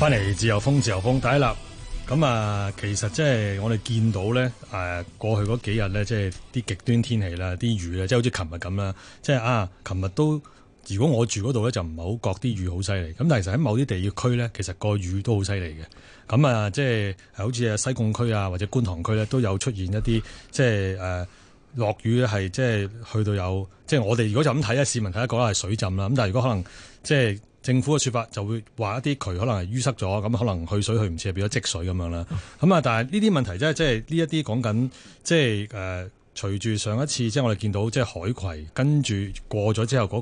翻嚟自由風，自由風，第一粒咁啊！其實即係我哋見到咧，誒、呃、過去嗰幾日咧，即係啲極端天氣啦，啲雨、就是就是、啊，即係好似琴日咁啦，即係啊，琴日都如果我住嗰度咧，就唔係好覺啲雨好犀利。咁但係其實喺某啲地區咧，其實個雨都好犀利嘅。咁、嗯、啊，即、就、係、是、好似啊西貢區啊，或者觀塘區咧，都有出現一啲即係誒落雨咧，係即係去到有，即、就、係、是、我哋如果就咁睇咧，市民睇得覺得係水浸啦。咁但係如果可能即係。就是政府嘅説法就會話一啲渠可能係淤塞咗，咁可能去水去唔切，變咗積水咁樣啦。咁啊、嗯嗯，但係呢啲問題咧，即係呢一啲講緊，即係誒，隨住上一次即係我哋見到，即係海葵跟住過咗之後嗰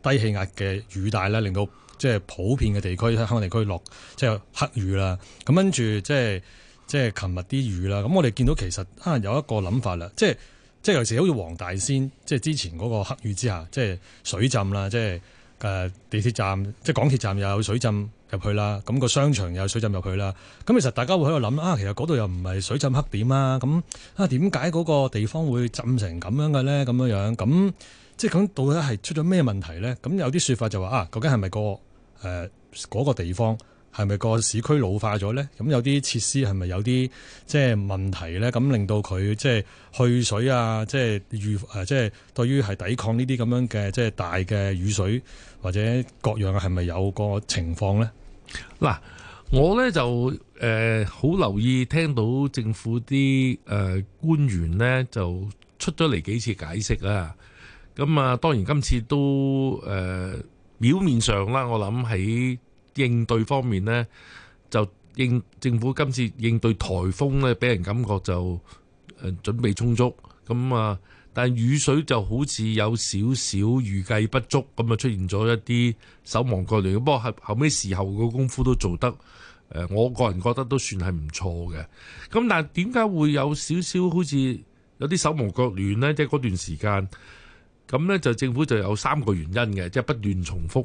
個低氣壓嘅雨帶咧，令到即係普遍嘅地區香港地區落即係黑雨啦。咁跟住即係即係琴日啲雨啦。咁我哋見到其實啊有一個諗法啦，即係即係有時好似黃大仙，即係之前嗰個黑雨之下，即係水浸啦，即係。誒地鐵站即係港鐵站又有水浸入去啦，咁個商場又有水浸入去啦，咁其實大家會喺度諗啊，其實嗰度又唔係水浸黑點啊，咁啊點解嗰個地方會浸成咁樣嘅咧？咁樣樣咁即係講到底係出咗咩問題咧？咁有啲説法就話啊，究竟係咪、個誒嗰、呃嗰個地方？係咪個市區老化咗咧？咁有啲設施係咪有啲即係問題咧？咁令到佢即係去水啊，即係遇誒，即係對於係抵抗呢啲咁樣嘅即係大嘅雨水或者各樣係咪有個情況咧？嗱、啊，我咧就誒好、呃、留意聽到政府啲誒、呃、官員咧就出咗嚟幾次解釋啦。咁啊，當然今次都誒、呃、表面上啦，我諗喺應對方面呢，就應政府今次應對颱風呢，俾人感覺就誒準備充足，咁啊，但雨水就好似有少少預計不足，咁啊出現咗一啲手忙腳亂。不過後尾時候個功夫都做得，我個人覺得都算係唔錯嘅。咁但係點解會有少少好似有啲手忙腳亂呢？即係嗰段時間，咁呢，就政府就有三個原因嘅，即係不斷重複。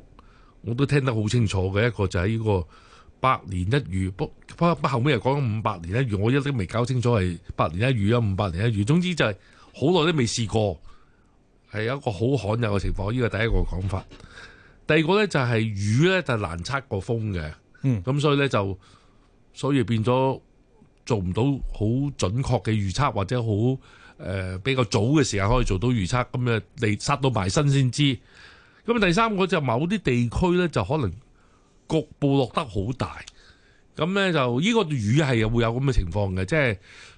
我都聽得好清楚嘅，一個就係呢個百年一遇，不不不後尾又講緊五百年一遇，我一啲未搞清楚係百年一遇啊，五百年一遇，總之就係好耐都未試過，係一個好罕有嘅情況。呢個第一個講法，第二個呢就係雨呢，就難測過風嘅，咁、嗯、所以呢，就所以變咗做唔到好準確嘅預測，或者好誒、呃、比較早嘅時間可以做到預測，咁你殺到埋身先知。咁第三個就某啲地區呢，就可能局部落得好大。咁呢、這個，就呢個雨係會有咁嘅情況嘅，即係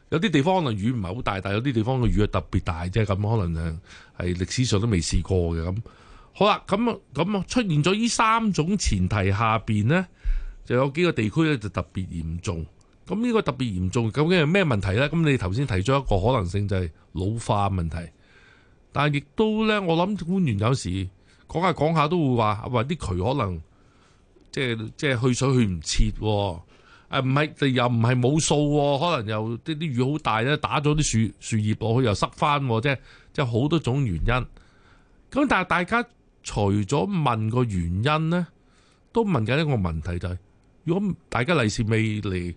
有啲地方可能雨唔係好大，但係有啲地方嘅雨係特別大，即係。咁可能係歷史上都未試過嘅。咁好啦，咁咁出現咗呢三種前提下邊呢，就有幾個地區呢，就特別嚴重。咁呢個特別嚴重，究竟係咩問題呢？咁你頭先提咗一個可能性就係老化問題，但係亦都呢，我諗官員有時。講下講下都會話，話啲渠可能即係即係去水去唔切，誒唔係又唔係冇數，可能又啲啲雨好大咧，打咗啲樹樹葉落去又塞翻，即係即係好多種原因。咁但係大家除咗問個原因呢，都問緊一個問題就係、是：如果大家利是未嚟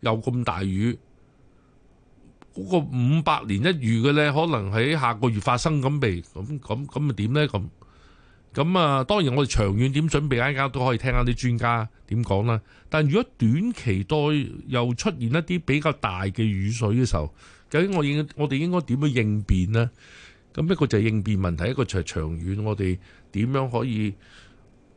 又咁大雨，嗰、那個五百年一遇嘅咧，可能喺下個月發生咁未？咁咁咁咪點呢？咁咁啊，當然我哋長遠點準備咧，而家都可以聽下啲專家點講啦。但如果短期內又出現一啲比較大嘅雨水嘅時候，究竟我應我哋應該點樣應變呢？咁一個就係應變問題，一個就係長遠我哋點樣可以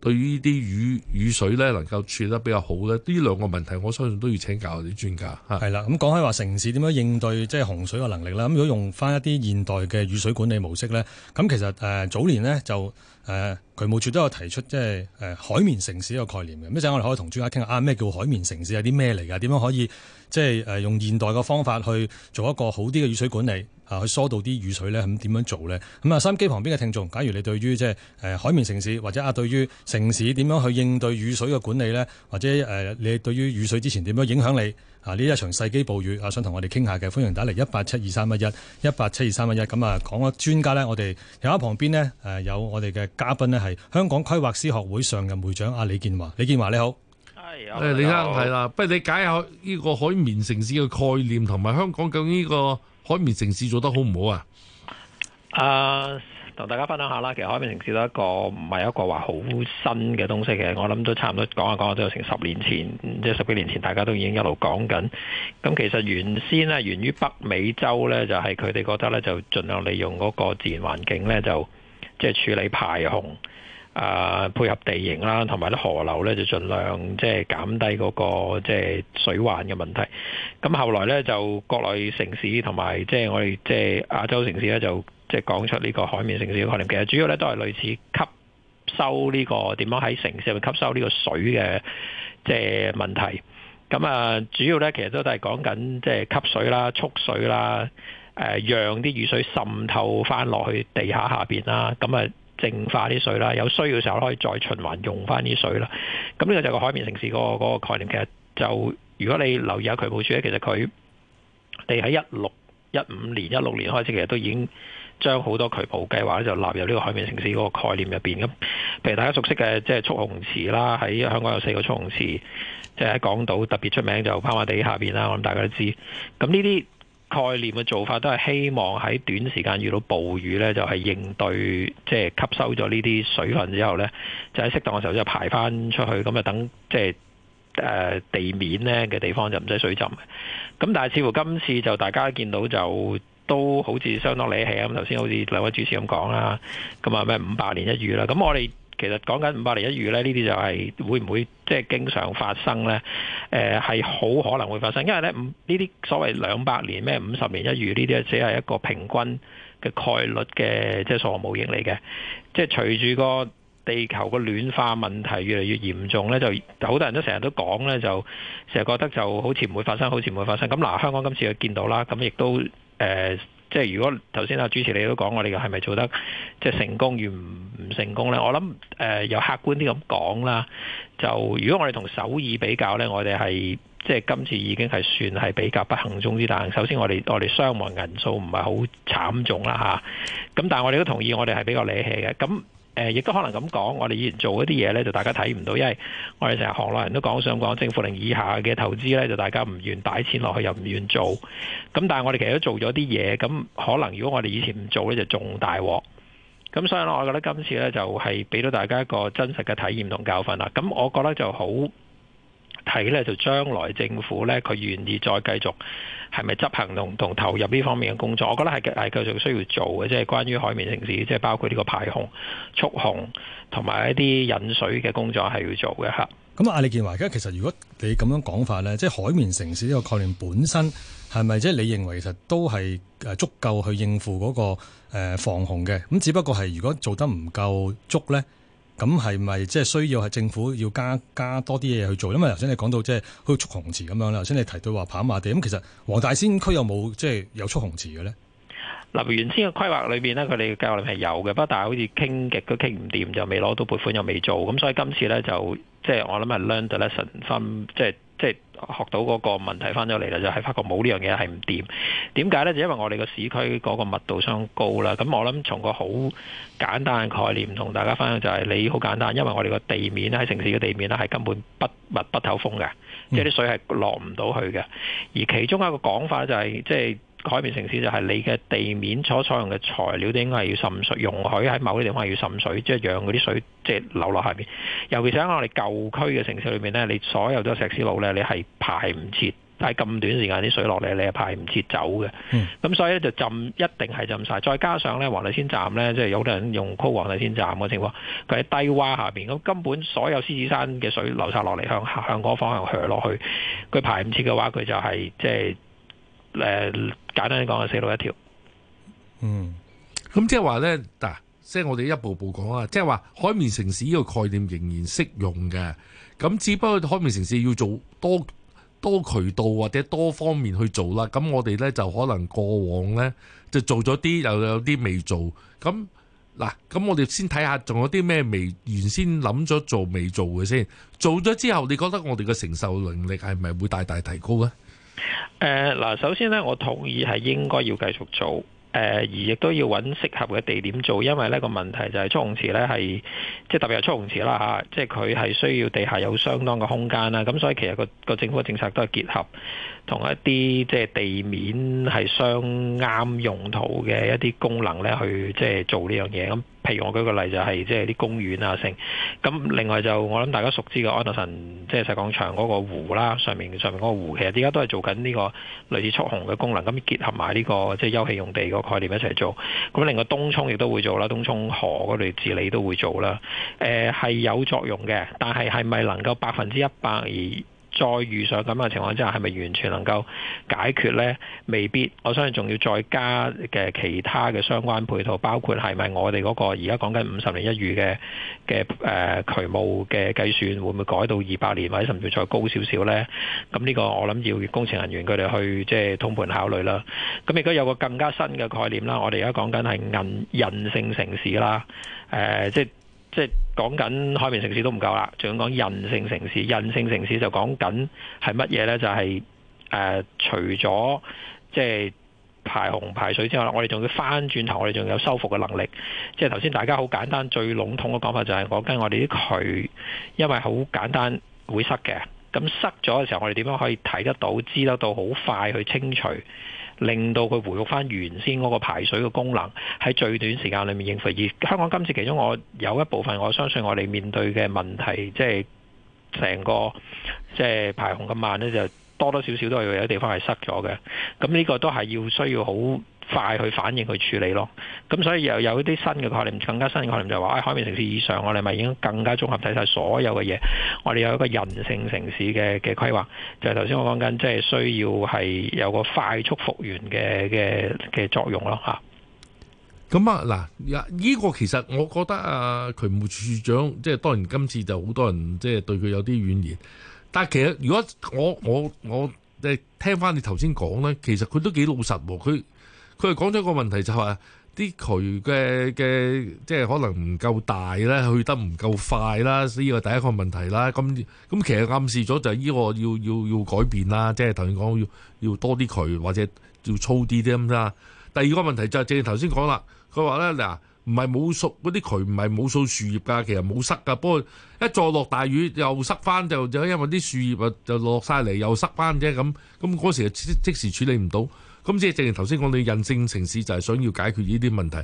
對於呢啲雨雨水呢能夠處理得比較好呢？呢兩個問題我相信都要請教啲專家嚇。係啦，咁講起話城市點樣應對即係洪水嘅能力啦。咁如果用翻一啲現代嘅雨水管理模式呢，咁其實誒早年呢就誒，渠務署都有提出即係誒、呃、海綿城市一個概念嘅，咁即係我哋可以同專家傾下，咩、啊、叫海綿城市，有啲咩嚟㗎？點樣可以即係誒、呃、用現代嘅方法去做一個好啲嘅雨水管理啊？去疏導啲雨水咧，咁點樣做咧？咁啊，收音機旁邊嘅聽眾，假如你對於即係誒海綿城市或者啊，對於城市點樣去應對雨水嘅管理咧，或者誒、呃、你對於雨水之前點樣影響你？啊！呢一場世紀暴雨，阿、啊、想同我哋傾下嘅，歡迎打嚟一八七二三一一，一八七二三一一。咁啊，講啊專家咧，我哋有喺旁邊呢，誒、呃、有我哋嘅嘉賓呢係香港規劃師學會上任會長阿、啊、李建華。李建華你好，係、哎呦，誒好，你聽係啦，不如你解下呢個海綿城市嘅概念，同埋香港究竟呢個海綿城市做得好唔好啊？啊！同大家分享下啦，其實海綿城市都一個唔係一個話好新嘅東西嘅，其實我諗都差唔多講下講下都有成十年前，即係十幾年前大家都已經一路講緊。咁其實原先咧源於北美洲咧，就係佢哋覺得咧就盡量利用嗰個自然環境咧，就即係處理排洪啊、呃，配合地形啦，同埋啲河流咧就盡量即係減低嗰個即係水患嘅問題。咁後來咧就國內城市同埋即係我哋即係亞洲城市咧就。即係講出呢個海綿城市嘅概念，其實主要咧都係類似吸收呢、呢個點樣喺城市入面吸收呢個水嘅即係問題。咁啊，主要咧其實都都係講緊即係吸水啦、蓄水啦、誒讓啲雨水滲透翻落去地下下邊啦。咁啊淨化啲水啦，有需要嘅時候可以再循環用翻啲水啦。咁呢個就係個海綿城市嗰、嗰個概念。其實就如果你留意下渠務署咧，其實佢哋喺一六一五年、一六年開始，其實都已經，將好多渠務計劃咧就納入呢個海綿城市嗰個概念入邊，咁譬如大家熟悉嘅即係蓄洪池啦，喺香港有四個蓄洪池，即係喺港島特別出名就跑馬地下邊啦，我諗大家都知。咁呢啲概念嘅做法都係希望喺短時間遇到暴雨呢，就係、是、應對即係、就是、吸收咗呢啲水分之後呢，就喺、是、適當嘅時候就排返出去，咁啊等即係誒地面呢嘅地方就唔使水浸嘅。咁但係似乎今次就大家見到就。都好似相當離譜啊！咁頭先好似兩位主持咁講啦，咁啊咩五百年一遇啦，咁我哋其實講緊五百年一遇呢，呢啲就係會唔會即係經常發生呢？誒係好可能會發生，因為呢呢啲所謂兩百年咩五十年一遇呢啲，只係一個平均嘅概率嘅即係數學模型嚟嘅。即係隨住個地球個暖化問題越嚟越嚴重呢，就好多人都成日都講呢，就成日覺得就好似唔會發生，好似唔會發生。咁嗱，香港今次就見到啦，咁亦都。誒、呃，即係如果頭先阿主持你都講，我哋係咪做得即係成功與唔唔成功咧？我諗誒，有、呃、客觀啲咁講啦。就如果我哋同首爾比較咧，我哋係即係今次已經係算係比較不幸中之大，但首先我哋我哋傷亡人數唔係好慘重啦嚇。咁、啊、但係我哋都同意，我哋係比較理氣嘅咁。誒，亦都可能咁講，我哋以前做嗰啲嘢呢，就大家睇唔到，因為我哋成日行內人都講想講，政府令以下嘅投資呢，就大家唔願擺錢落去，又唔願做。咁但係我哋其實都做咗啲嘢，咁可能如果我哋以前唔做呢，就仲大鑊。咁所以呢，我覺得今次呢，就係俾到大家一個真實嘅體驗同教訓啦。咁我覺得就好。睇咧就將來政府咧，佢願意再繼續係咪執行同同投入呢方面嘅工作？我覺得係係繼續需要做嘅，即係關於海綿城市，即係包括呢個排洪、蓄洪同埋一啲引水嘅工作係要做嘅嚇。咁啊，李建華，而家其實如果你咁樣講法咧，即係海綿城市呢個概念本身係咪即係你認為其實都係誒足夠去應付嗰個防洪嘅？咁只不過係如果做得唔夠足咧？咁係咪即係需要係政府要加加多啲嘢去做？因為頭先你講到即係好似蓄洪池咁樣啦。頭先你提到話跑馬地，咁其實黃大仙區有冇即係有蓄洪池嘅咧？嗱，原先嘅規劃裏邊咧，佢哋嘅計劃係有嘅，不過但係好似傾極都傾唔掂，就未攞到撥款又未做，咁所以今次咧就。即係我諗係 learned lesson 翻，即係即係學到嗰個問題翻咗嚟啦，就係、是、發覺冇呢樣嘢係唔掂。點解呢？就因為我哋個市區嗰個密度相高啦。咁我諗從個好簡單嘅概念同大家分享就係、是，你好簡單，因為我哋個地面喺城市嘅地面咧係根本不密不透風嘅，即係啲水係落唔到去嘅。而其中一個講法就係、是、即係。海綿城市就係你嘅地面所採用嘅材料都應該係要滲水，容許喺某啲地方係要滲水，即係讓嗰啲水即係流落下面。尤其是喺我哋舊區嘅城市裏面咧，你所有都石屎路咧，你係排唔切。但係咁短時間啲水落嚟，你係排唔切走嘅。咁、嗯嗯、所以咧就浸一定係浸晒。再加上咧黃大仙站咧，即係有啲人用高黃大仙站嘅情況，佢喺低洼下邊，咁根本所有獅子山嘅水流晒落嚟，向向嗰個方向去落去，佢排唔切嘅話，佢就係、係、即係。誒簡單啲講係死路一條。嗯，咁、嗯、即係話呢，嗱，即係我哋一步步講啊，即係話海綿城市呢個概念仍然適用嘅，咁只不過海綿城市要做多多渠道或者多方面去做啦。咁我哋呢，就可能過往呢，就做咗啲又有啲未做。咁嗱，咁我哋先睇下仲有啲咩未原先諗咗做未做嘅先，做咗之後，你覺得我哋嘅承受能力係咪會大大提高呢？誒，嗱、呃，首先咧，我同意係應該要繼續做，誒、呃，而亦都要揾適合嘅地點做，因為呢個問題就係蓄洪池咧係，即係特別係蓄洪池啦，吓、啊，即係佢係需要地下有相當嘅空間啦，咁所以其實個個政府嘅政策都係結合同一啲即係地面係相啱用途嘅一啲功能咧，去即係做呢樣嘢咁。譬如我舉個例就係即係啲公園啊，剩咁另外，就我諗大家熟知嘅安達臣即係石礦場嗰個湖啦，上面上面嗰個湖其實而家都係做緊呢個類似蓄洪嘅功能，咁結合埋、這、呢個即係、就是、休憩用地個概念一齊做。咁另外東涌亦都會做啦，東涌河嗰度治理都會做啦。誒、呃、係有作用嘅，但係係咪能夠百分之一百而？再遇上咁嘅情況之下，係咪完全能夠解決咧？未必，我相信仲要再加嘅其他嘅相關配套，包括係咪我哋嗰個而家講緊五十年一遇嘅嘅誒渠務嘅計算，會唔會改到二百年或者甚至再高少少咧？咁呢個我諗要工程人員佢哋去即係通盤考慮啦。咁亦都有個更加新嘅概念啦，我哋而家講緊係韌韌性城市啦，誒、呃、即係。即係講緊海綿城市都唔夠啦，仲要講韌性城市。韌性城市就講緊係乜嘢呢？就係、是、誒、呃，除咗即係排洪排水之外，我哋仲要翻轉頭，我哋仲有修復嘅能力。即係頭先大家好簡單最籠統嘅講法就係講緊我哋啲渠，因為好簡單會塞嘅，咁塞咗嘅時候，我哋點樣可以睇得到、知得到好快去清除？令到佢回復翻原先嗰個排水嘅功能，喺最短時間裡面應付。而香港今次其中，我有一部分我相信我哋面對嘅問題，即係成個即係排洪咁慢呢。就。多多少少都係有啲地方係塞咗嘅，咁、這、呢個都係要需要好快去反應去處理咯。咁、嗯、所以又有，有一啲新嘅概念，更加新嘅概念就係話，誒、哎、海綿城市以上，我哋咪已經更加綜合睇晒所有嘅嘢，我哋有一個人性城市嘅嘅規劃，就係頭先我講緊，即係需要係有個快速復原嘅嘅嘅作用咯嚇。咁啊嗱，呢、這個其實我覺得啊，渠務處長即係當然今次就好多人即係對佢有啲怨言。但係其實，如果我我我誒聽翻你頭先講咧，其實佢都幾老實喎。佢佢係講咗一個問題，就係話啲渠嘅嘅，即係可能唔夠大咧，去得唔夠快啦。呢個第一個問題啦。咁咁其實暗示咗就係呢個要要要改變啦，即係頭先講要要多啲渠或者要粗啲啲咁啦。第二個問題就係、係、正頭先講啦，佢話咧嗱。唔係冇掃，嗰啲渠唔係冇掃樹葉㗎，其實冇塞㗎。不過一再落大雨又塞翻，就就因為啲樹葉啊就落晒嚟又塞翻啫咁。咁嗰時即即時處理唔到，咁即係正如頭先講，你韌性城市就係想要解決呢啲問題。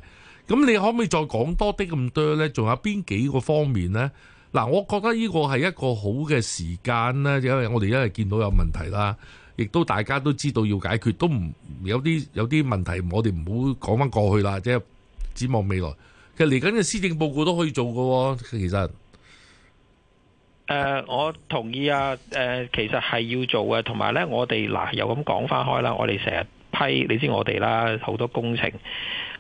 咁你可唔可以再講多啲咁多咧？仲有邊幾個方面咧？嗱，我覺得呢個係一個好嘅時間咧，因為我哋一係見到有問題啦，亦都大家都知道要解決，都唔有啲有啲問題，我哋唔好講翻過去啦，即展望未來，其實嚟緊嘅施政報告都可以做㗎喎、哦。其實，誒，我同意啊。誒、呃，其實係要做嘅，同埋咧，我哋嗱又咁講返開啦。我哋成日批，你知我哋啦，好多工程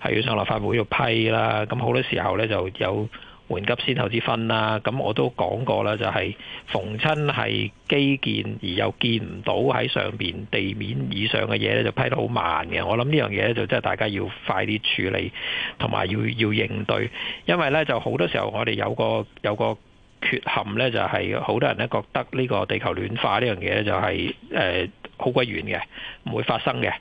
係要上立法會度批啦。咁好多時候咧就有。緩急先後之分啦，咁我都講過啦，就係逢親係基建，而又見唔到喺上邊地面以上嘅嘢咧，就批得好慢嘅。我諗呢樣嘢咧，就真係大家要快啲處理，同埋要要應對，因為呢，就好多時候我哋有個有個缺陷呢，就係好多人呢覺得呢個地球暖化呢樣嘢咧就係誒好鬼遠嘅，唔會發生嘅。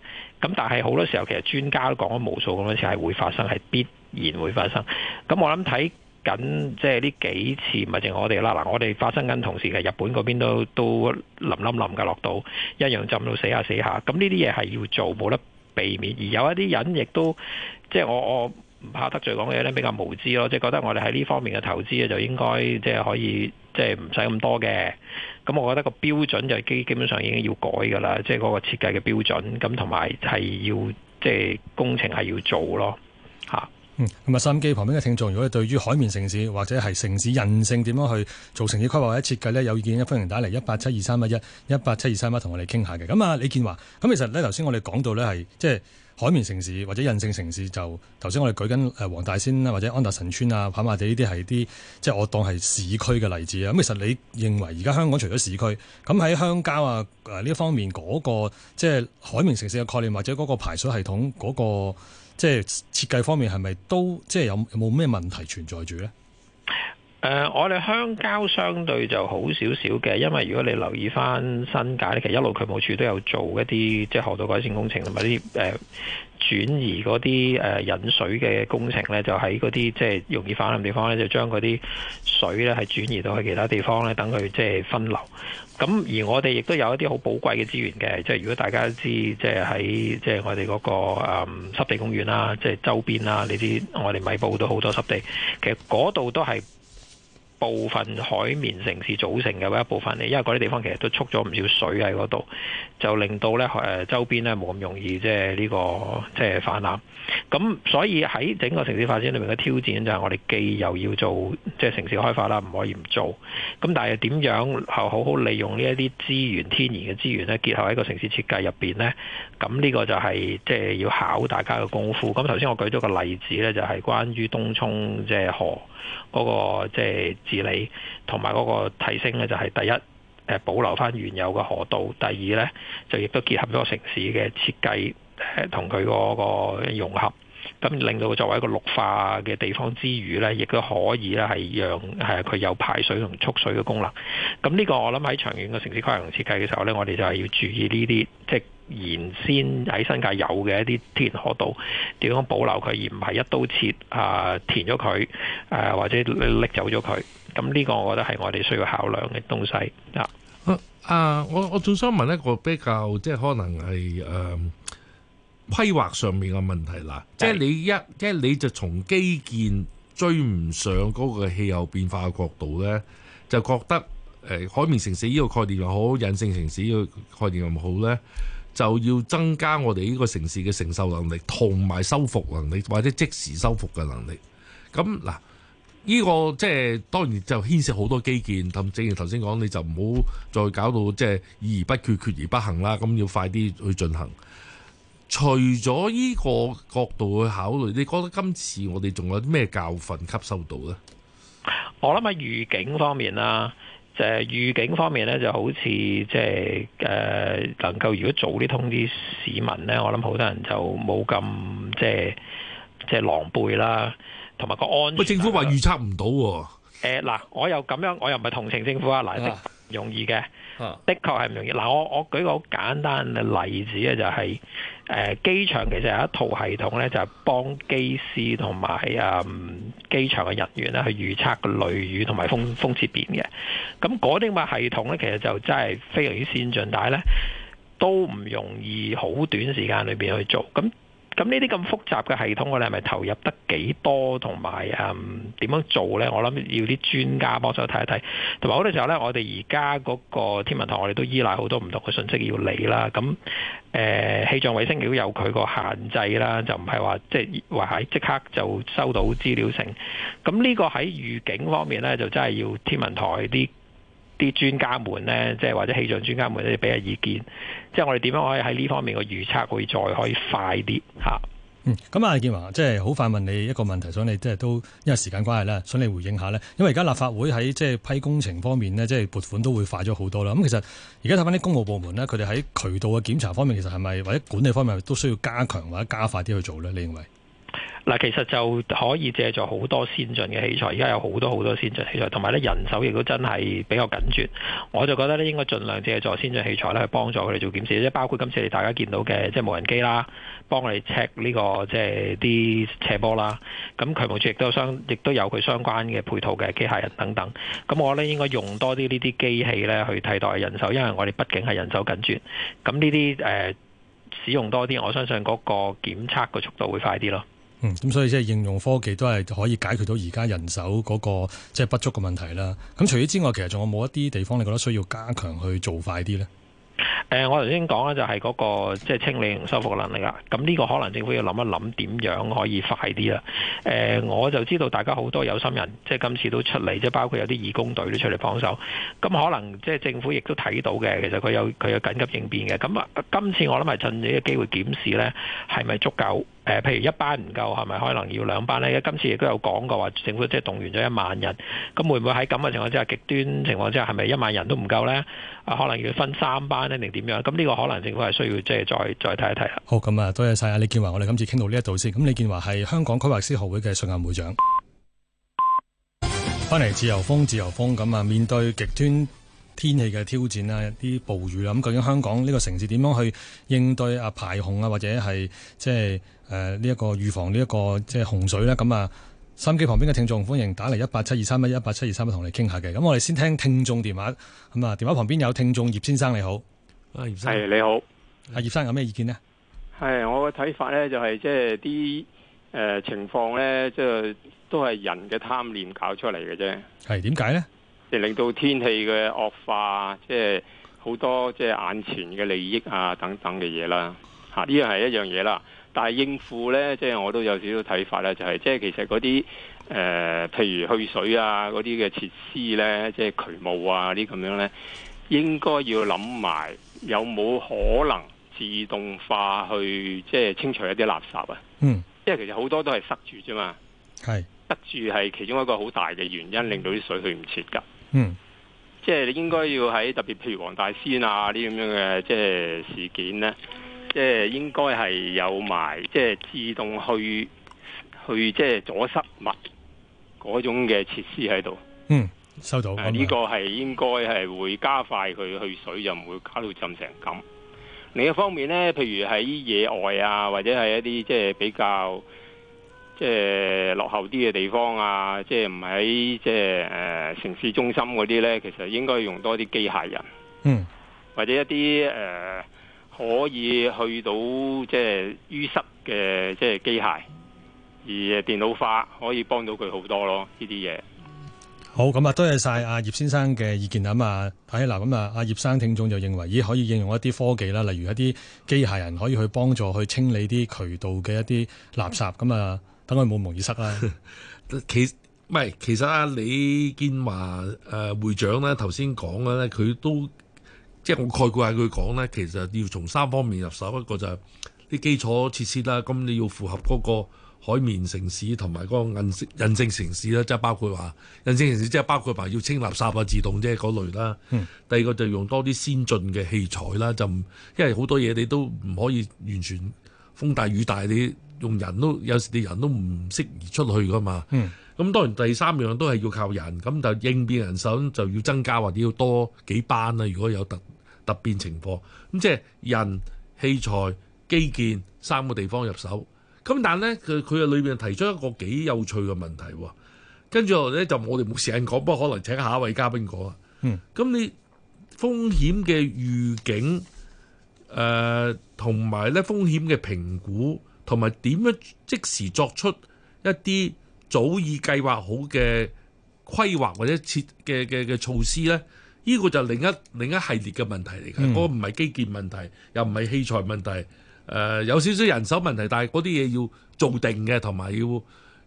咁但係好多時候其實專家都講咗無數咁多次係會發生，係必然會發生。咁我諗睇緊即係呢幾次唔係淨係我哋啦，嗱我哋發生緊同時嘅日本嗰邊都都淋冧淋噶落到一樣浸到死下死下，咁呢啲嘢係要做，冇得避免。而有一啲人亦都即係我我唔怕得罪講嘅嘢咧，比較無知咯，即係覺得我哋喺呢方面嘅投資啊，就應該即係可以即係唔使咁多嘅。咁我覺得個標準就基基本上已經要改噶啦，即係嗰個設計嘅標準，咁同埋係要即係工程係要做咯，嚇。嗯，咁收音機旁邊嘅聽眾，如果你對於海綿城市或者係城市韌性點樣去做城市規劃或者設計呢，有意見，歡迎打嚟一八七二三一一，一八七二三一,一，同我哋傾下嘅。咁啊，李建華，咁、嗯、其實呢，頭先我哋講到呢係即係海綿城市或者韌性城市就，就頭先我哋舉緊誒黃大仙啊，或者安達臣村啊、跑馬地呢啲係啲即係我當係市區嘅例子啊。咁、嗯、其實你認為而家香港除咗市區，咁喺鄉郊啊呢一、啊、方面嗰、那個即係海綿城市嘅概念或者嗰個排水系統嗰、那個？即係設計方面，係咪都即係有有冇咩問題存在住咧？誒、呃，我哋鄉郊相對就好少少嘅，因為如果你留意翻新界咧，其實一路渠務處都有做一啲即係河道改善工程同埋啲誒轉移嗰啲誒引水嘅工程咧，就喺嗰啲即係容易氾濫地方咧，就將嗰啲水咧係轉移到去其他地方咧，等佢即係分流。咁而我哋亦都有一啲好寶貴嘅資源嘅，即係如果大家都知，即係喺即係我哋嗰、那個誒、嗯、濕地公園啦、啊，即係周邊啦、啊，呢啲，我哋米埔都好多濕地，其實嗰度都係部分海綿城市組成嘅一部分嚟，因為嗰啲地方其實都蓄咗唔少水喺嗰度，就令到咧誒周邊咧冇咁容易、這個、即係呢個即係氾濫。咁所以喺整個城市發展裏面嘅挑戰就係我哋既又要做即係、就是，城市開發啦，唔可以唔做。咁但係點樣好好利用呢一啲資源、天然嘅資源咧，結合喺一個城市設計入邊咧？咁呢個就係即係要考大家嘅功夫。咁頭先我舉咗個例子咧，就係、是、關於東涌即係河。嗰個即係治理同埋嗰個提升咧，就係第一，誒保留翻原有嘅河道；第二咧，就亦都結合咗城市嘅設計，誒同佢個個融合，咁令到作為一個綠化嘅地方之餘咧，亦都可以咧係讓係佢有排水同蓄水嘅功能。咁呢個我諗喺長遠嘅城市規劃同設計嘅時候咧，我哋就係要注意呢啲即係。就是原先喺新界有嘅一啲天然河道，點樣保留佢，而唔係一刀切啊、呃、填咗佢，誒、呃、或者拎走咗佢？咁、呃、呢、這個我覺得係我哋需要考量嘅東西啊，啊。啊，我我仲想問一個比較，即係可能係誒規劃上面嘅問題啦是。即係你一即係你就從基建追唔上嗰個氣候變化嘅角度咧，就覺得誒、呃、海綿城市呢個概念又好，韌性城，城市呢個概念又唔好咧。就要增加我哋呢個城市嘅承受能力，同埋修復能力，或者即時修復嘅能力。咁嗱，呢、這個即係當然就牽涉好多基建。咁正如頭先講，你就唔好再搞到即係議而不決，決而不行啦。咁要快啲去進行。除咗呢個角度去考慮，你覺得今次我哋仲有啲咩教訓吸收到呢？我諗喺預警方面啦、啊。就係預警方面咧，就好似即係誒能夠如果早啲通知市民咧，我諗好多人就冇咁即係即係狼狽啦，同埋個安。喂、呃，政府話預測唔到喎。嗱、呃，我又咁樣，我又唔係同情政府、呃、啊，嗱。嗯、容易嘅，的確係唔容易。嗱，我我舉個好簡單嘅例子嘅就係、是，誒、呃、機場其實有一套系統咧，就係幫機師同埋啊機場嘅人員咧去預測個雷雨同埋風風切變嘅。咁嗰啲咁嘅系統咧，其實就真係非常之先進，但係咧都唔容易，好短時間裏邊去做咁。咁呢啲咁複雜嘅系統，我哋係咪投入得幾多，同埋誒點樣做呢？我諗要啲專家幫手睇一睇。同埋好多時候呢，我哋而家嗰個天文台，我哋都依賴好多唔同嘅信息要嚟啦。咁誒氣象衛星亦都有佢個限制啦，就唔係話即係話即刻就收到資料成。咁呢個喺預警方面呢，就真係要天文台啲。啲專家們咧，即係或者氣象專家們咧，俾下意見，即係我哋點樣可以喺呢方面嘅預測會再可以快啲嚇。嗯，咁啊，建華，即係好快問你一個問題，想你即係都因為時間關係咧，想你回應下咧。因為而家立法會喺即係批工程方面咧，即係撥款都會快咗好多啦。咁其實而家睇翻啲公務部門咧，佢哋喺渠道嘅檢查方面，其實係咪或者管理方面都需要加強或者加快啲去做咧？你認為？嗱，其實就可以借助好多先進嘅器材，而家有好多好多先進器材，同埋咧人手亦都真係比較緊缺。我就覺得咧應該盡量借助先進器材咧去幫助佢哋做檢視，即係包括今次大家見到嘅即係無人機啦，幫我哋 check 呢個即係啲斜坡啦。咁佢暴處亦都相亦都有佢相關嘅配套嘅機械人等等。咁我咧應該用多啲呢啲機器咧去替代人手，因為我哋畢竟係人手緊缺。咁呢啲誒使用多啲，我相信嗰個檢測嘅速度會快啲咯。嗯，咁所以即係應用科技都係可以解決到而家人手嗰個即係不足嘅問題啦。咁除此之外，其實仲有冇一啲地方你覺得需要加強去做快啲咧？誒，我頭先講咧就係嗰個即係清理修復嘅能力啦。咁呢個可能政府要諗一諗點樣可以快啲啦。誒，我就知道大家好多有心人，即係今次都出嚟，即係包括有啲義工隊都出嚟幫手。咁可能即係政府亦都睇到嘅，其實佢有佢有緊急應變嘅。咁啊，今次我諗係趁呢個機會檢視咧，係咪足夠？誒、呃，譬如一班唔夠，係咪可能要兩班呢？今次亦都有講過話，政府即係動員咗一萬人，咁會唔會喺咁嘅情況之下，極端情況之下，係咪一萬人都唔夠呢？啊，可能要分三班咧，定點樣？咁呢個可能政府係需要即係再再睇一睇啦。好，咁啊，多謝晒啊李建華，我哋今次傾到呢一度先。咁李建華係香港規劃師學會嘅上任會長，翻嚟自由風，自由風咁啊！面對極端。天氣嘅挑戰啊，啲暴雨啊，咁、嗯、究竟香港呢個城市點樣去應對啊排洪啊，或者係即係誒呢一個預防呢、這、一個即係、這個、洪水咧？咁、嗯、啊，收音機旁邊嘅聽眾歡迎打嚟一八七二三一一八七二三一同你傾下嘅。咁、嗯、我哋先聽聽眾電話。咁、嗯、啊，電話旁邊有聽眾葉先生你好，葉生係你好，阿葉、啊、生有咩意見呢？係我嘅睇法咧、就是，就係即係啲誒情況咧、就是，即係都係人嘅貪念搞出嚟嘅啫。係點解咧？令到天氣嘅惡化，即係好多即係眼前嘅利益啊等等嘅嘢啦。嚇、啊，呢樣係一樣嘢啦。但係應付呢，即係我都有少少睇法呢，就係、是、即係其實嗰啲誒，譬如去水啊嗰啲嘅設施呢，即係渠務啊啲咁樣呢，應該要諗埋有冇可能自動化去即係清除一啲垃圾啊。嗯，因為其實好多都係塞住啫嘛。係是塞住係其中一個好大嘅原因，令到啲水去唔切㗎。嗯，即係你應該要喺特別，譬如黃大仙啊呢咁樣嘅即係事件咧，即係應該係有埋即係自動去去即係阻塞物嗰種嘅設施喺度。嗯，收到。呢、啊、個係應該係會加快佢去，去水，又唔會搞到浸成咁。另一方面咧，譬如喺野外啊，或者係一啲即係比較。即係落後啲嘅地方啊，即係唔喺即係誒、呃、城市中心嗰啲呢，其實應該用多啲機械人，嗯，或者一啲誒、呃、可以去到即係淤塞嘅即係機械，而電腦化可以幫到佢好多咯，呢啲嘢。好，咁啊，多謝晒阿、啊、葉先生嘅意見啊。嘛、嗯，啊，嗱，咁啊，阿葉生聽眾就認為，咦，可以應用一啲科技啦，例如一啲機械人可以去幫助去清理啲渠道嘅一啲垃圾，咁啊。等佢冇咁容易塞啦。 其唔係，其實啊，李建華誒、呃、會長咧，頭先講咧，佢都即係我概括下佢講咧，其實要從三方面入手，一個就係啲基礎設施啦，咁你要符合嗰個海綿城市同埋嗰個韌性韌性城市啦，即係包括話韌性城市，即係包括話要清垃圾啊、自動啫嗰類啦。嗯、第二個就用多啲先進嘅器材啦，就因為好多嘢你都唔可以完全風大雨大你。用人都有時，你人都唔適宜出去噶嘛。咁、嗯、當然第三樣都係要靠人，咁就應變人手就要增加或者要多幾班啦。如果有突突變情況咁、嗯，即係人器材基建三個地方入手。咁但係咧佢佢嘅裏邊提出一個幾有趣嘅問題。跟住咧就我哋冇時間講，不過可能請下一位嘉賓講啊。咁、嗯、你風險嘅預警誒，同埋咧風險嘅評估。同埋點樣即時作出一啲早已計劃好嘅規劃或者設嘅嘅嘅措施呢？呢、這個就另一另一系列嘅問題嚟嘅。嗰、那個唔係基建問題，又唔係器材問題。誒、呃，有少少人手問題，但係嗰啲嘢要做定嘅，同埋要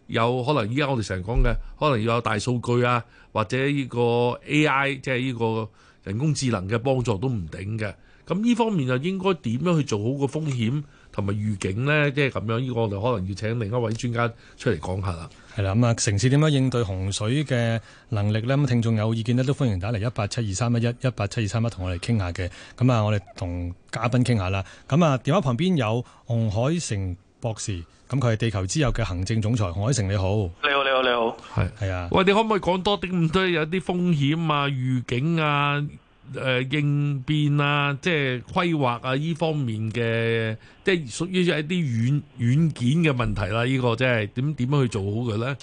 有可能依家我哋成日講嘅，可能要有大數據啊，或者呢個 AI 即係呢個人工智能嘅幫助都唔頂嘅。咁呢方面就應該點樣去做好個風險？同埋預警呢，即係咁樣，呢個我哋可能要請另一位專家出嚟講下啦。係啦，咁啊，城市點樣應對洪水嘅能力呢？咁聽眾有意見呢，都歡迎打嚟一八七二三一一一八七二三一同我哋傾下嘅。咁啊，我哋同嘉賓傾下啦。咁啊，電話旁邊有洪靄誠博士，咁佢係地球之友嘅行政總裁。洪靄誠你，你好，你好，你好，你好，係係啊。的喂，你可唔可以講多啲咁多有啲風險啊、預警啊？誒、呃，應變啦、啊，即係規劃啊，依方面嘅，即係屬於一啲軟軟件嘅問題啦、啊。呢、這個即係點點樣去做好嘅咧？誒、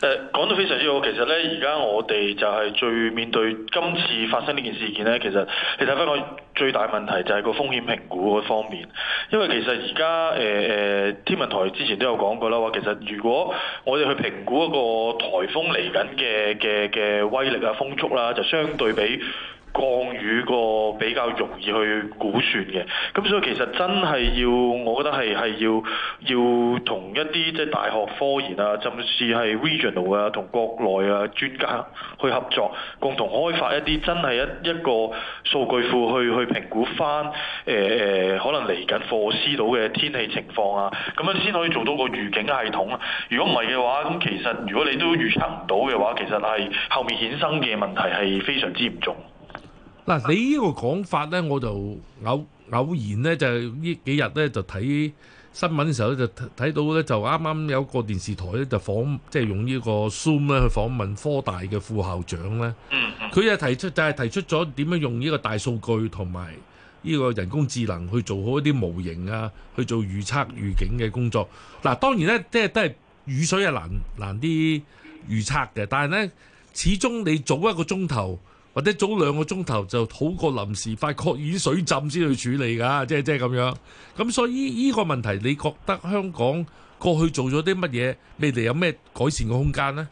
呃，講得非常之好。其實咧，而家我哋就係最面對今次發生呢件事件咧。其實你睇翻我，最大問題就係個風險評估嗰方面，因為其實而家誒誒，天文台之前都有講過啦，話其實如果我哋去評估一個台風嚟緊嘅嘅嘅威力啊、風速啦，就相對比。降雨個比較容易去估算嘅，咁所以其實真係要，我覺得係係要要同一啲即係大學科研啊，甚至係 regional 啊，同國內啊專家去合作，共同開發一啲真係一一個數據庫去去評估翻誒誒可能嚟緊佛斯島嘅天氣情況啊，咁樣先可以做到個預警系統啊。如果唔係嘅話，咁其實如果你都預測唔到嘅話，其實係後面衍生嘅問題係非常之嚴重。嗱，你呢個講法呢，我就偶偶然呢，就呢幾日呢，就睇新聞嘅時候就睇到呢，就啱啱有個電視台呢，就訪即係用呢個 Zoom 咧去訪問科大嘅副校長呢。佢又提出就係提出咗點樣用呢個大數據同埋呢個人工智能去做好一啲模型啊，去做預測預警嘅工作。嗱，當然呢，即係都係雨水係難難啲預測嘅，但係呢，始終你早一個鐘頭。或者早兩個鐘頭就好過臨時發覺已水浸先去處理㗎，即係即係咁樣。咁所以呢依個問題，你覺得香港過去做咗啲乜嘢？你哋有咩改善嘅空間咧？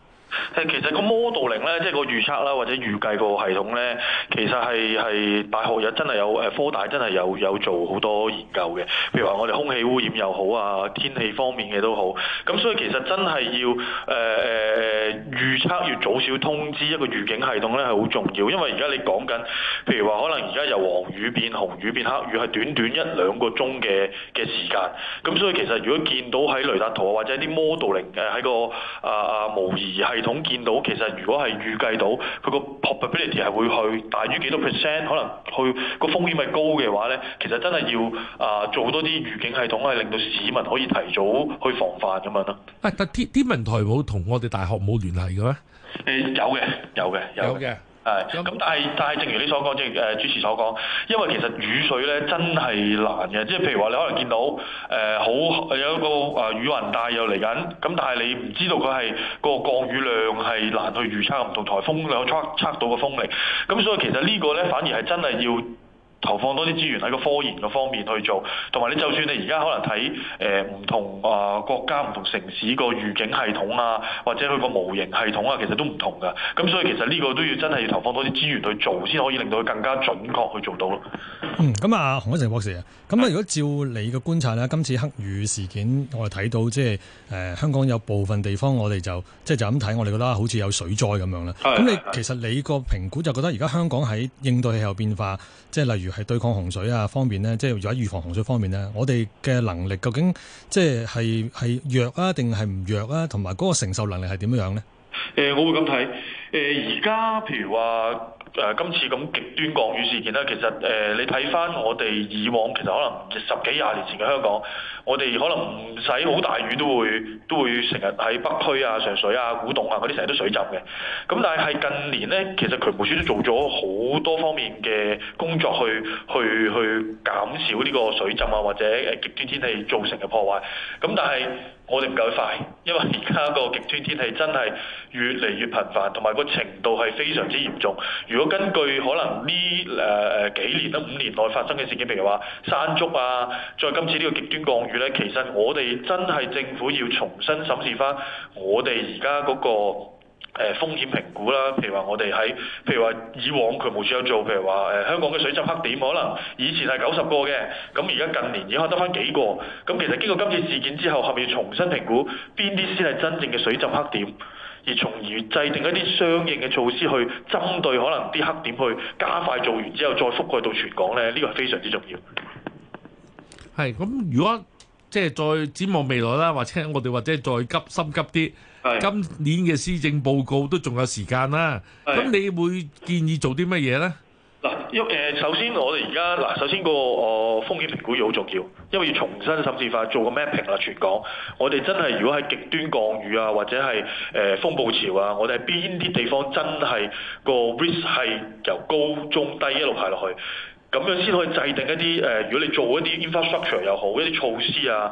誒，其實個 modeling 咧，即係個預測啦，或者預計個系統咧，其實係係大學有真係有誒科大真係有有做好多研究嘅，譬如話我哋空氣污染又好啊，天氣方面嘅都好。咁所以其實真係要誒誒誒預測要早少通知，一個預警系統咧係好重要，因為而家你講緊，譬如話可能而家由黃雨變紅雨變黑雨係短短一兩個鐘嘅嘅時間。咁所以其實如果見到喺雷達圖啊或者啲 modeling 誒喺個啊啊模擬係。系統見到其實，如果係預計到佢個 probability 係會去大於幾多 percent，可能去個風險係高嘅話咧，其實真係要啊、呃、做好多啲預警系統，係令到市民可以提早去防範咁樣咯。啊，但天天文台冇同我哋大學冇聯繫嘅咩？誒、呃，有嘅，有嘅，有嘅。有的有係，咁、嗯、但係但係正如你所講，即係誒主持所講，因為其實雨水咧真係難嘅，即係譬如話你可能見到誒、呃、好有一個啊雨雲帶又嚟緊，咁但係你唔知道佢係、個降雨量係難去預測，唔同颱風有測測到個風力，咁所以其實呢個咧反而係真係要，投放多啲資源喺個科研個方面去做，同埋你就算你而家可能睇誒唔同啊國家唔同城市個預警系統啊，或者佢個模型系統啊，其實都唔同㗎。咁所以其實呢個都要真係要投放多啲資源去做，先可以令到佢更加準確去做到咯。咁啊、嗯嗯嗯，洪靄誠博士啊，咁、嗯、啊、嗯，如果照你嘅觀察呢，今次黑雨事件，我哋睇到即係誒、呃、香港有部分地方我，我哋就即係就咁睇，我哋覺得好似有水災咁樣啦。咁的你的其實你個評估就覺得而家香港喺應對氣候變化，即係例如。係對抗洪水啊方面咧，即係如果喺預防洪水方面咧，我哋嘅能力究竟即係係係弱啊，定係唔弱啊？同埋嗰個承受能力係點樣呢？誒、欸，我會咁睇。誒，而家譬如話誒、呃、今次咁極端降雨事件咧，其實誒、呃、你睇翻我哋以往其實可能十幾廿年前嘅香港，我哋可能唔使好大雨都會都會成日喺北區啊、上水啊、古洞啊嗰啲成日都水浸嘅。咁但係近年呢，其實渠務署都做咗好多方面嘅工作去去去減少呢個水浸啊，或者誒極端天氣造成嘅破壞。咁但係。我哋唔夠快，因為而家個極端天氣真係越嚟越頻繁，同埋個程度係非常之嚴重。如果根據可能呢誒誒幾年啦，五年內發生嘅事件，譬如話山竹啊，再今次呢個極端降雨呢，其實我哋真係政府要重新審視翻我哋而家嗰個。誒風險評估啦，譬如話我哋喺譬如話以往佢冇處有做，譬如話誒、呃、香港嘅水浸黑點，可能以前係九十個嘅，咁而家近年已經得翻幾個，咁其實經過今次事件之後，係咪要重新評估邊啲先係真正嘅水浸黑點，而從而制定一啲相應嘅措施去針對可能啲黑點去加快做完之後再覆蓋到全港呢？呢、呢個係非常之重要。係咁，如果即係、就係、再展望未來啦，或者我哋或者再急心急啲。今年嘅施政報告都仲有時間啦，咁的你會建議做啲乜嘢呢？嗱，喐誒，首先我哋而家嗱，首先個我風險評估要好重要，因為要重新審視翻做個 mapping 啊，全港，我哋真係如果喺極端降雨啊，或者係誒、呃、風暴潮啊，我哋喺邊啲地方真係個 risk 係由高中低一路排落去。咁樣先可以制定一啲誒、呃，如果你做一啲 infrastructure 又好，一啲措施啊，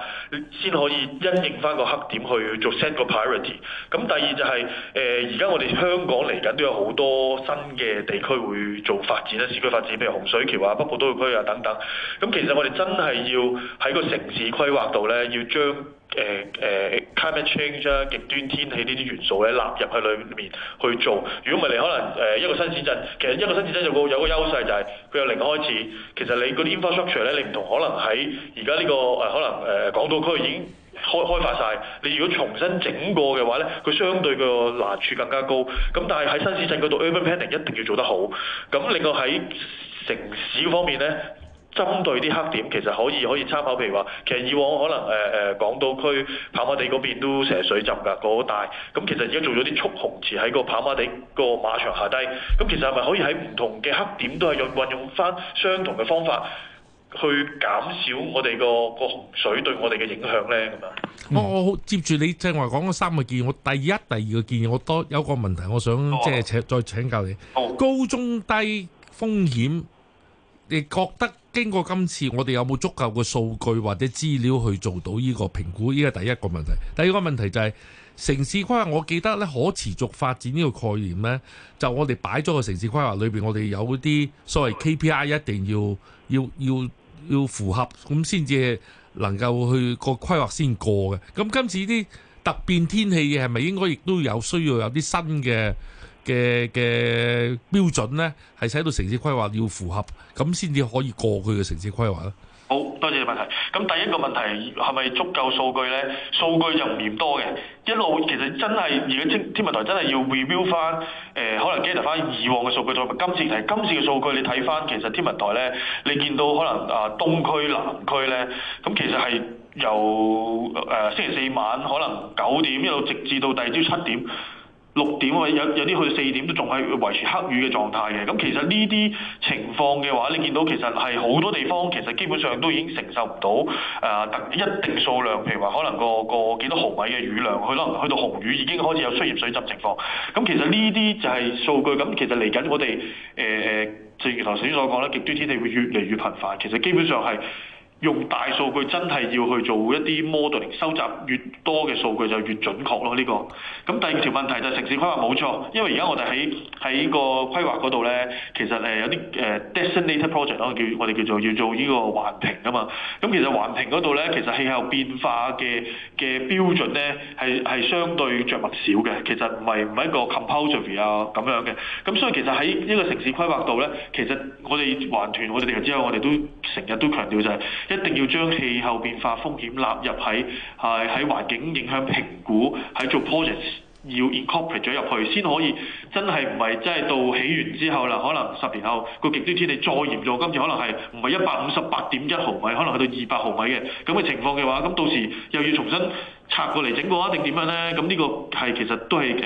先可以因應翻個黑點去做 set 個 priority。咁、嗯、第二就係、是、誒，而、呃、家我哋香港嚟緊都有好多新嘅地區會做發展啦，市區發展，譬如洪水橋啊、北部都會區啊等等。咁、嗯、其實我哋真係要喺個城市規劃度呢，要將。誒誒、uh, uh, climate change 啊，極端天氣呢啲元素咧，納、uh, 入去裏面去做。如果唔係，你可能誒、uh, 一個新市鎮，其實一個新市鎮有個有個優勢就係、是、佢有零開始。其實你嗰啲 infrastructure 咧，你唔同可能喺而家呢個誒、啊、可能誒港島區已經開開發晒。你如果重新整過嘅話咧，佢相對個難處更加高。咁但係喺新市鎮嗰度，urban planning 一定要做得好。咁另外喺城市方面咧。針對啲黑點，其實可以可以參考，譬如話，其實以往可能誒誒、呃，港島區跑馬地嗰邊都成日水浸㗎，個好大。咁其實而家做咗啲蓄洪池喺個跑馬地個馬場下低。咁其實係咪可以喺唔同嘅黑點都係用運用返相同嘅方法去減少我哋、個個洪、嗯、水對我哋嘅影響咧？咁啊、嗯？我我、哦、接住你正話講嗰三個建議，我第一、第二個建議，我多有個問題，我想即係請再請教你，哦哦、高中低風險，你覺得？經過今次，我哋有冇足夠嘅數據或者資料去做到呢個評估？呢個第一個問題，第二個問題就係、是、城市規劃。我記得呢，可持續發展呢個概念呢，就我哋擺咗個城市規劃裏邊，我哋有啲所謂 KPI 一定要要要，要符合，咁先至能夠去、這個規劃先過嘅。咁今次啲突變天氣嘅係咪應該亦都有需要有啲新嘅？嘅嘅標準咧，係使到城市規劃要符合，咁先至可以過去嘅城市規劃啦。好多謝你問題。咁第一個問題係咪足夠數據咧？數據就唔嫌多嘅。一路其實真係而家天文台真係要 review 翻，誒、呃、可能 get 翻以往嘅數據。再今次係今次嘅數據，你睇翻其實天文台咧，你見到可能啊東區、南區咧，咁其實係由誒、呃、星期四晚可能九點，一路直，直至到第二朝七點。六點喎，有有啲去四點都仲係維持黑雨嘅狀態嘅。咁其實呢啲情況嘅話，你見到其實係好多地方其實基本上都已經承受唔到誒一定數量，譬如話可能個個幾多毫米嘅雨量，可能去到紅雨已經開始有出現水浸情況。咁其實呢啲就係數據。咁其實嚟緊我哋誒誒，正如頭先所講咧，極端天氣會越嚟越頻繁。其實基本上係。用大數據真係要去做一啲 modeling，收集越多嘅數據就越準確咯。呢、這個咁第二條問題就係城市規劃冇錯，因為而家我哋喺喺個規劃嗰度呢，其實誒有啲誒 designated project 咯，叫我哋叫做要做呢個環評噶嘛。咁其實環評嗰度呢，其實氣候變化嘅嘅標準呢，係係相對着墨少嘅，其實唔係唔係一個 compulsory 啊咁樣嘅。咁所以其實喺呢個城市規劃度呢，其實我哋環團我哋地球之友我哋都成日都強調就係、是。一定要將氣候變化風險納入喺係喺環境影響評估，喺做 project 要 incorporate 咗入去，先可以真係唔係真係到起完之後啦，可能十年後個極端天氣再嚴重，今次可能係唔係一百五十八點一毫米，可能去到二百毫米嘅咁嘅情況嘅話，咁到時又要重新拆過嚟整過，一定點樣呢？咁呢個係其實都係誒誒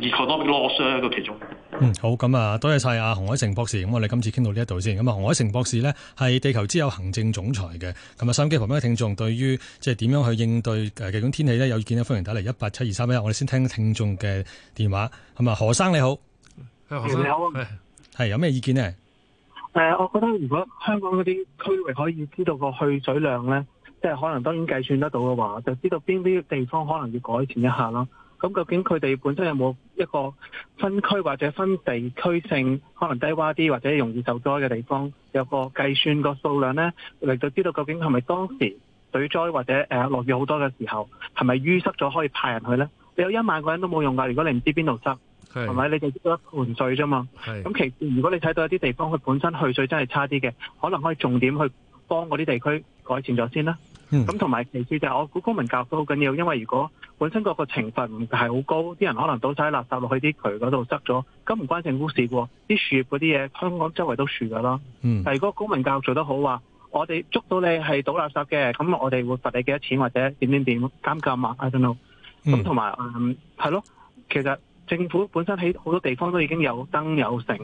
economic loss 一個其中。嗯，嗯好，咁啊，多謝晒阿洪靄誠博士，咁我哋今次傾到呢一度先。咁啊，洪靄誠博士呢，係地球之友行政總裁嘅。咁啊，收音機旁邊嘅聽眾對於即係點樣去應對誒極端天氣呢？有意見呢？歡迎打嚟一八七二三一，我哋先聽聽眾嘅電話。咁啊，何生你好，你好啊，係有咩意見呢？誒、呃，我覺得如果香港嗰啲區域可以知道個去水量呢，即係可能當然計算得到嘅話，就知道邊啲地方可能要改善一下咯。咁究竟佢哋本身有冇一個分區或者分地區性，可能低窪啲或者容易受災嘅地方，有個計算個數量呢？嚟到知道究竟係咪當時水災或者誒、呃、落雨好多嘅時候，係咪淤塞咗可以派人去呢？你有一萬個人都冇用㗎，如果你唔知邊度塞，係咪是你就積到一盆水啫嘛？咁是其次，如果你睇到一啲地方佢本身去水真係差啲嘅，可能可以重點去幫嗰啲地區改善咗先啦。咁同埋其次就係我估公民教育都好緊要，因為如果本身嗰個懲罰唔係好高，啲人可能倒晒垃圾落去啲渠嗰度塞咗，咁唔關政府事喎。啲樹葉嗰啲嘢，香港周圍都樹噶咯。嗯、但係如果公民教育做得好話，話我哋捉到你係倒垃圾嘅，咁我哋會罰你幾多錢或者點點點監禁啊，I don't know。咁同埋，嗯，係咯，其實政府本身喺好多地方都已經有燈有成，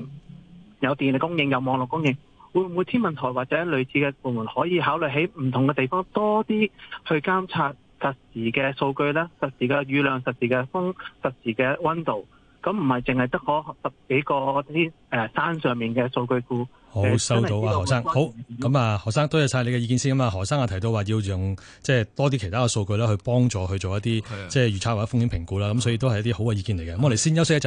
有電力供應，有網絡供應。會唔會天文台或者類似嘅部門可以考慮喺唔同嘅地方多啲去監測實時嘅數據啦？實時嘅雨量、實時嘅風、實時嘅温度，咁唔係淨係得可十幾個啲誒山上面嘅數據庫。呃、好收到啊，何生。好，咁啊，何生多謝晒你嘅意見先啊。何生又提到話要用即係多啲其他嘅數據啦，去幫助去做一啲的即係預測或者風險評估啦。咁所以都係一啲好嘅意見嚟嘅。的我哋先休息一陣。